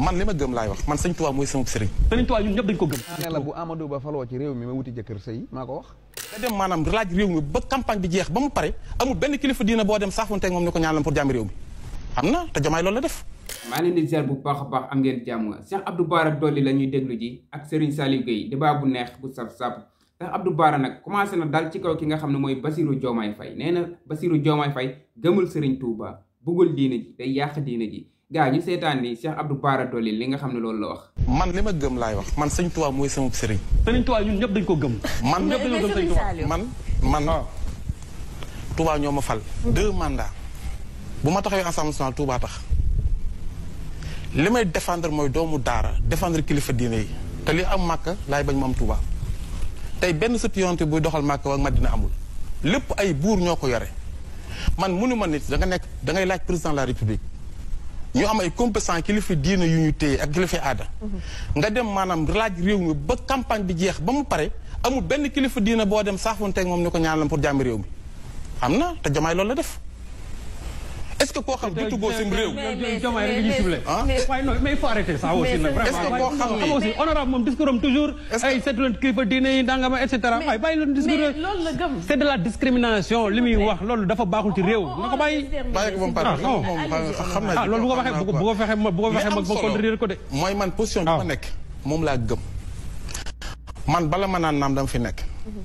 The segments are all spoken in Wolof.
man li ma gëm laay wax man sëñ Tuubaa mooy sama sëriñ. sëriñ Tuubaa ñëpp dañ ko gëm. ne la bu Amadou Ba faloo maanaam laaj réew mi ba bi jeex ba mu pare amul benn kilifa diina boo dem saafonteeg moom ni ko ñaanal pour jàmmi réew mi la def. maa leen di bu baax a baax am ngeen jàmm Cheikh Abdou Bara la ñuy déglu ji ak Serigne Saliou Gueye débat bu neex bu saf-saf nag commencé na dal ci kaw ki nga xam ne mooy Basirou Diomaye Faye nee na Basirou Diomaye Faye gëmul Serigne Touba bëggul diine ji day yàq diine ji gaa ñu seetaan ni Cheikh Abdou li nga xam ne loolu la wax. man li ma gëm laay wax man sëñ Tuubaa mooy sama sëriñ. sëriñ Tuubaa ñun ñëpp dañ ko gëm. man ñëpp dañoo gëm man man. Ah. Tuubaa ñoo ma fal. Mm-hmm. deux mandats bu ma taxawee Assemblée nationale Tuubaa tax li may défendre mooy doomu daara défendre kilifa diine yi te li am màkk laay bañ mu am Tuubaa tey benn sutuyante buy doxal màkk waa Madina amul lépp ay buur ñoo ko yore man mënu ma nit da nekk da ngay laaj président la république. ñu am ay compétence kilifa diina yu ñu téye ak kilifa aada. nga dem maanaam laaj réew mi ba campagne bi jeex ba mu pare amul benn kilifa diina boo dem saafoonteeg moom ni ko ñaan ñaanal pour jàmm réew mi am na te jamaay loolu la def. est-ce que koo xam du tuggoo sim réew. Ah? Ah? waaye non mais il faut arrêter ça aussi nag vraiment xam aussi honorable moom discours am toujours ay seetu leen kilifa diine yi ndangama et cetera waaye bàyyi leen la discrimination li muy wax loolu dafa baaxul ci réew oh, na ko bàyyi oh, oh, ah, ah loolu bu ko waxee bu ko fexee bu ko fexee ma contredire ko de mooy man position bi ma nekk moom laa gëm man bala ma naan naam dama fi nekk mhm.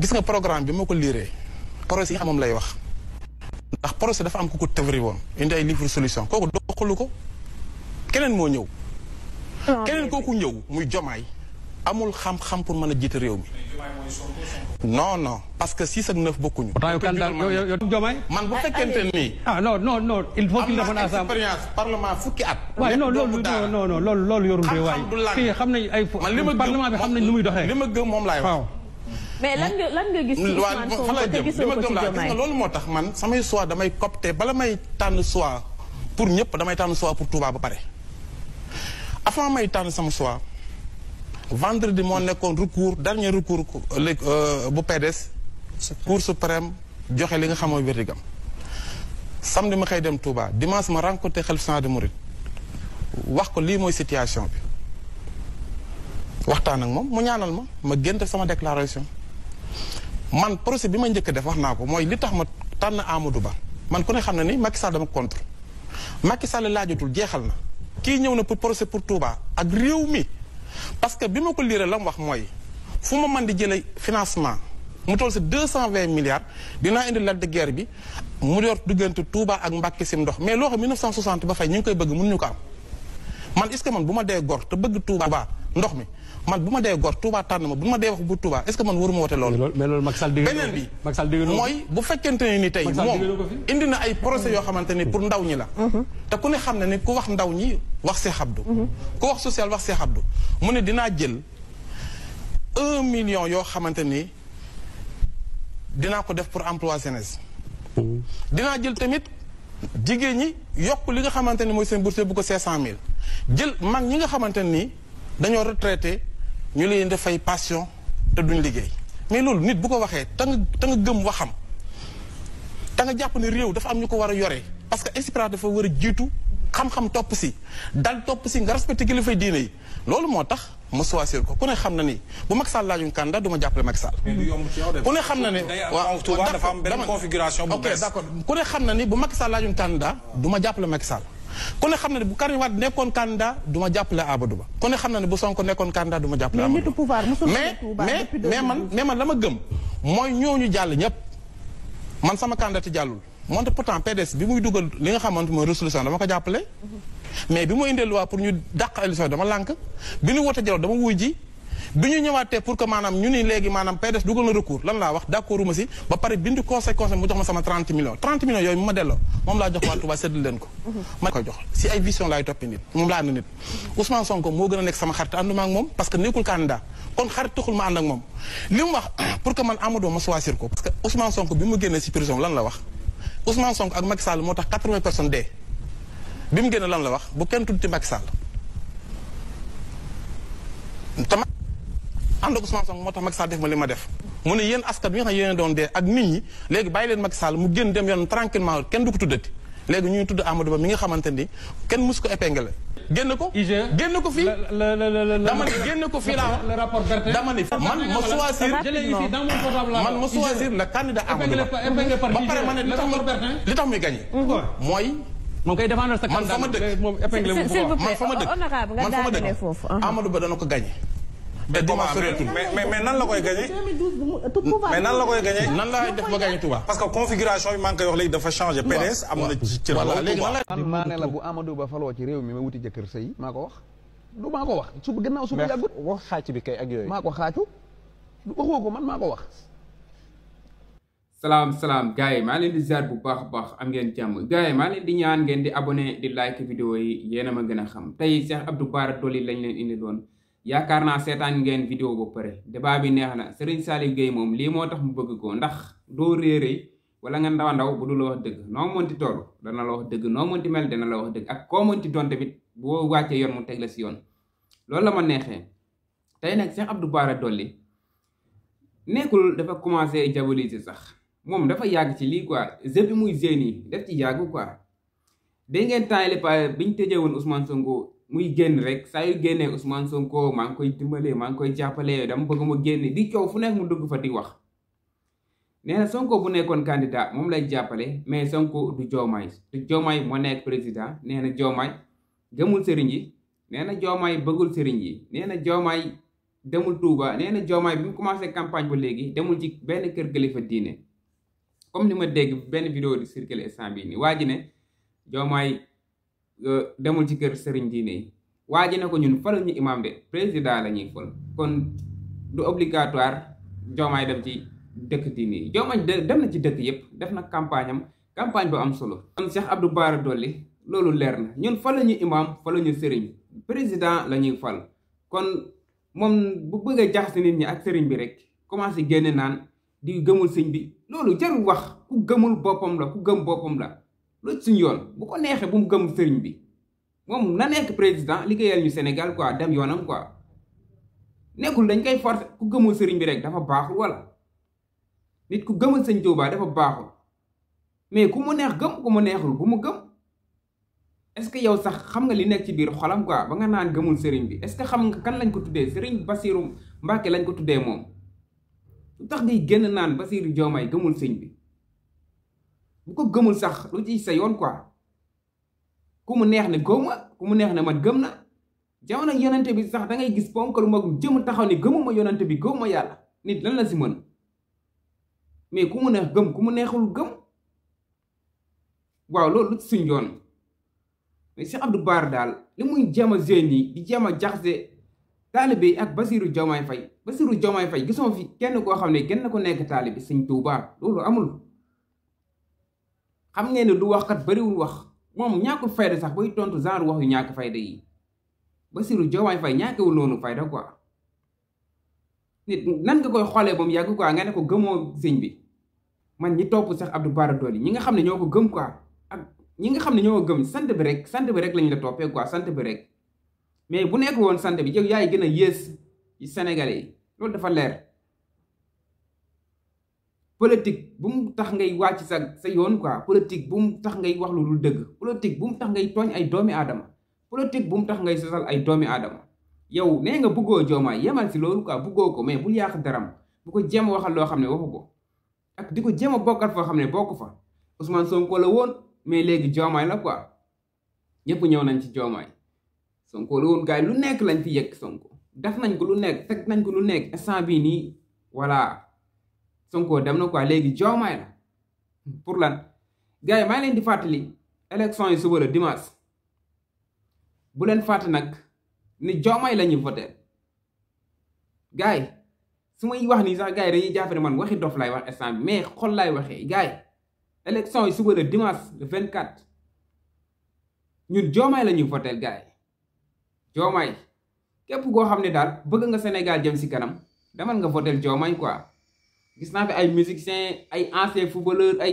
gis nga programme bi ma ko liiree projet yi moom lay wax ndax procès dafa am ku ko tëvri woon indi ay livre solution kooku doxalu ko keneen moo ñëw ah, keneen kooku ñëw muy jomaay amul xam-xam pour man a jiite réew mi non non parce que six ak neuf bokkuñu jomaay man bu fekkente nii ah non non non il faut qu'il defoon assemblée expérience parlement fukki at waay non loolu non non loolu loolu yorul de xam nañ ay parlement bi xam nañ nu muy doxee li ma gëm moom laay wax mais lan nga lan nga gis. Ousmane Sonko fa la jëm li ma gëm laa gis nga loolu moo tax man samay choix damay copté bala may tànn choix pour ñëpp damay tànn choix pour Touba ba pare. avant may tànn sama choix vendredi moo nekkoon recours dernier recours euh, euh, bu PDS. Cour suprême joxe li nga xam mooy verdigam. samedi ma xëy dem Touba dimanche ma rencontré xalif sant de Mouride wax ko lii mooy situation bi waxtaan ak moom mu ñaanal ma ma génn sama déclaration. man procès bi ma njëkk def wax naa ko mooy li tax ma tànn Amadou Ba man ku ne xam na ni Macky Sall dama contre Macky Sall laajatul jeexal na kii ñëw na pour procès pour Touba ak réew mi parce que bi ma ko liiree la mu wax mooy fu ma mën di jëlee financement mu toll si deux cent vingt milliards dinaa indi ladde guerre bi mu yor diggante Touba ak Mbàkke sim ndox mais loo xam 1960 ba fay ñu ngi koy bëgg mënuñu ko am man est-ce que man bu ma dee gor te bëgg Touba ndox mi man bu ma dee gor Touba tànn ma bu ma dee wax bu Touba est-ce que man waruma wote loolu. mais loolu Macky bi mooy bu fekkente ne ni tey moom indi na ay procès yoo xamante ni pour ndaw ñi la. Mhm. te ku ne xam ne ni ku wax ndaw ñi wax Cheikh Abdou. Mhm. ku wax social wax Cheikh Abdou mu ne dinaa jël un million yoo xamante ni dinaa ko def pour emploi jeunesse. Mhm. dinaa jël tamit jigéen ñi yokk li nga xamante ni mooy seen bourse bu ko 500000 jël mag ñi nga xamante ni. dañoo retraité ñu leen passion te duñ mais nous, nit bu ko waxee ta nga gëm waxam nga ne réew am parce que expérience dafa war a jiitu xam-xam topp si dal topp si nga respecté fay diine yi loolu moo tax ma ko ku xam na ni bu Macky ne xam na am configuration bu ok d'accord ne xam na ni bu ku ne xam na ne bu Karim nekkoon candidat duma jàppale Amadou Ba ku ne xam na ne bu Sonko nekkoon candidat du ma jàppale Amadou Ba mais mais man mais man la gëm mooy ñooñu jàll ñépp man sama candidat jàllul moonte pourtant PDS bi muy dugal li nga xamante mooy résolution dama ko jàppale mhm. mais bi mu indee waa pour ñu dàq élection dama lànk bi ñu wote jalo dama wuy ji bi ñëwaaté pour que manam ñu ni légui manam PDS dugal na recours lan la wax d' accord uma si ba paré bindu conseil conseil mu jox ma sama 30 millions 30 millions yooyu mu ma delloo moom laa jox wa Touba sédul len ko mhm. ma koy jox si ay vision lay topi nit mom la ànd nit Ousmane Sonko mo gëna nek sama xarit anduma ak mom parce que nekkul candidat kon xarit taxul ma ànd ak moom li wax pour que man Amadou ma choisir ko parce que Ousmane Sonko bimu mu ci prison lan la wax Ousmane Sonko ak Macky Sall motax 80 personnes dee bi mu lan la wax bu kenn tudd Macky Sall ànd ak Ousmane Sonko moo tax Macky Sall def ma li ma def mu ne yéen askan bi nga xam ne yéen doon dee ak nit ñi leen Macky Sall mu génn dem yoon tranquillement kenn du ko tuddati léegi ñu ngi tudd Amadou Ba mi nga xamante ni kenn mus ko épinglé génn ko e. génn ko fii dama ne génn ko fii laa dama ne man ma choisir man ma e. choisir le candidat Amadou Ba ba e. pare ma ne li tax li tax muy gagné mooy moom kay défendre sa candidat man fa ma dëkk man fa ma dëkk man fa ma dëkk Amadou Ba dana ko gagné mais mais nan la koy gagné. mais nan la koy gagné. nan la def ba gagné Touba. parce que configuration yi maa ngi koy wax léegi dafa changé. PDS am na ci ci réew mi ma wuti jëkkër sëy maa ko wax. du maa ko wax su gannaaw su ma yàggut. wax xaac bi kay ak yooyu. maa ko xaacu waxoo ko man maa ko wax. salaam salaam gars yi maa leen di ziar bu baax a baax am ngeen jàmm gars yi maa leen di ñaan ngeen di abonné di like vidéo yi yéen a ma gën a xam tey Cheikh Abdou Bara Dolly lañ leen indi loon yaakaar naa seetaan ngeen vidéo ba pare débat bi neex na Serigne Saliou Gueye moom lii moo tax mu bëgg ko ndax doo réeré wala nga ndaw ndaw bu du wax dëgg noo mënti toll dana la wax dëgg noo mënti mel dana la wax dëgg ak koo mënti doon tamit boo wàccee yoon mu teg la si yoon loolu la ma neexee tey nag Cheikh Abdou Bara Dolly nekkul dafa commencé diaboliser sax moom dafa yàgg ci lii quoi jeu muy jeu nii def ci yàgg quoi dégg ngeen temps yële biñ woon Ousmane Sonko muy génn rek saa yu génnee Ousmane Sonko maa koy dimbalee maa ngi koy jàppalee dama bëgg ma génne di coow fu nekk mu dugg fa di wax nee na Sonko bu nekkoon candidat moom lay jàppale mais Sonko du Diomaye du Diomaye moo nekk nee na Diomaye gëmul sëriñ yi nee na Diomaye bëggul sëriñ yi nee na Diomaye demul Touba nee na Diomaye bi mu commencé campagne ba léegi demul ci benn kër kilifa diine comme ni ma dégg benn vidéo di circuler instant bii waa ji ne Diomaye Euh, demul ci kër sëriñ diine yi waa ji ne ko ñun faluñu imaam de président la ñuy fal kon du obligatoire joomaay dem ci dëkk diine yi joomaay dem na ci dëkk yëpp def na campagne am campagne bu am solo kon Cheikh Abdou Bara Dolly loolu leer na ñun faluñu imaam faluñu sëriñ président la ñuy fal kon moom bu bëggee jaxase nit ñi ak sëriñ bi rek commencé génne naan di gëmul sëñ bi loolu jarul wax ku gëmul boppam la ku gëm boppam la loolu suñ yoon bu ko neexee bu mu gëm sëriñ bi moom na nekk président liggéeyal ñu Sénégal quoi dem yoonam quoi nekkul dañ koy force ku gëmul sëriñ bi rek dafa baaxul wala nit ku gëmul sëñ Tuubaa dafa baaxul mais ku mu neex gëm ku mu neexul bu mu gëm est-ce que yow sax xam nga li nekk ci biir xolam quoi ba nga naan gëmul sëriñ bi est-ce que xam nga kan lañ ko tuddee sëriñ Basiru Mbàkke lañ ko tuddee moom lu tax ngay génn naan Basiru Joomaay gëmul sëñ bi bu ko gëmul sax lu ci sa yoon quoi ku mu neex ne gëw ma ku mu neex ne mat gëm na jamono yonente bi sax dangay gis ponk lu magum jëm taxaw ne gëmuma yonante bi gëw ma yàlla nit lan la si mën mais ku mu neex gëm ku mu neexul gëm waaw loolu lu suñ yoon mais Cheikh Abdou Bara daal li muy jéem a jeunes yi di jéem a jaxase taalibe ak Basiru Jomaay Fay Basiru Jomaay Fay gisoo fi kenn koo xam ne kenn ko nekk taalibe Sëñ Tuubaa loolu amul xam ngeen ne du wax kat bariwul wax moom ñàkkul fayda sax bay tontu genre wax yu ñàkk fayda yi Bassirou Diomaye Faye ñàkkewul noonu fayda quoi nit nan nga koy xoolee ba mu yàgg quoi nga ne ko gëmoo sëñ bi man ñi topp sax Abdou Bara Dolly ñi nga xam ne ñoo ko gëm quoi ak ñi nga xam ne ñoo ko gëm sant bi rek sant bi rek lañ la toppee quoi sant bi rek mais bu nekk woon sant bi yow yaay gën a yées yi Sénégalais yi loolu dafa leer politique bu mu tax ngay wàcc sa sa yoon quoi politique bu mu tax ngay wax lu dul dëgg politique bu mu tax ngay tooñ ay doomi aadama politique bu mu tax ngay sosal ay doomi aadama yow nee nga buggoo joomaay yemal si loolu quoi buggoo ko mais bul yàq daram bu ko jéem a waxal loo xam ne waxu ko ak di ko jéem a bokkat foo xam ne bokk fa Ousmane Sonko la woon mais léegi joomaay la quoi ñëpp ñëw nañ ci joomaay Sonko la woon gars lu nekk lañ fi yegg Sonko def nañ ko lu nekk teg nañ ko lu nekk instant bii nii voilà Sonko dem na quoi léegi Diomaye la pour lan gars yi maa ngi leen di fàttali élection yi suba la dimanche bu leen fàtte nag ni Diomaye la ñu voté gars yi su may wax nii sax gars yi dañuy jàpp ne man waxi dof lay wax instant bi mais xol laay waxee gars yi élection yi suba la dimanche le 24 ñun Diomaye la ñu voté gars yi képp koo xam ne daal bëgg nga Sénégal jëm si kanam demal nga voté Diomaye quoi. gis naa fi ay musiciens ay anciens footballeurs ay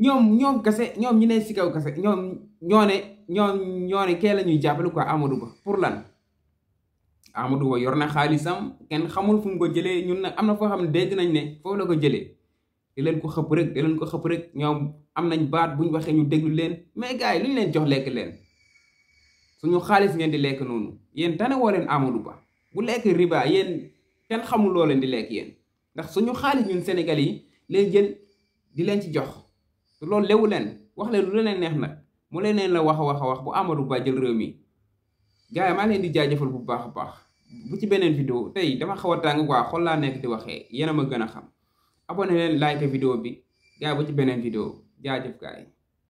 ñoom ñoom kese ñoom ñu ne si kaw kese ñoom ñoo ne ñoom ñoo kee la ñuy jàppale quoi Amadou Ba pour lan Amadou Ba yor na xaalisam kenn xamul fu mu ko jëlee ñun nag am na foo xam ne denc nañ ne foofu la ko jëlee di leen ko xëpp rek di leen ko xëpp rek ñoom am nañ baat bu ñu waxee ñu déglu leen mais gars yi lu ñu leen jox lekk leen suñu xaalis ngeen di lekk noonu yéen tane woo leen Amadou Ba bu lekk ribaa yéen kenn xamul leen di lekk yéen. ndax suñu xaalis ñun Sénégal yi leen jën di leen ci jox loolu lewu leen wax leen lu leen neex nag mu leen la wax a wax a wax bu Amadou Ba jël réew mi gars yi maa leen di jaajëfal bu baax a baax bu ci beneen video tey dama xaw a tàng quoi xol laa nekk di waxee yéen a ma gën a xam abonné leen like vidéo bi gars yi bu ci beneen vidéo jaajëf gars yi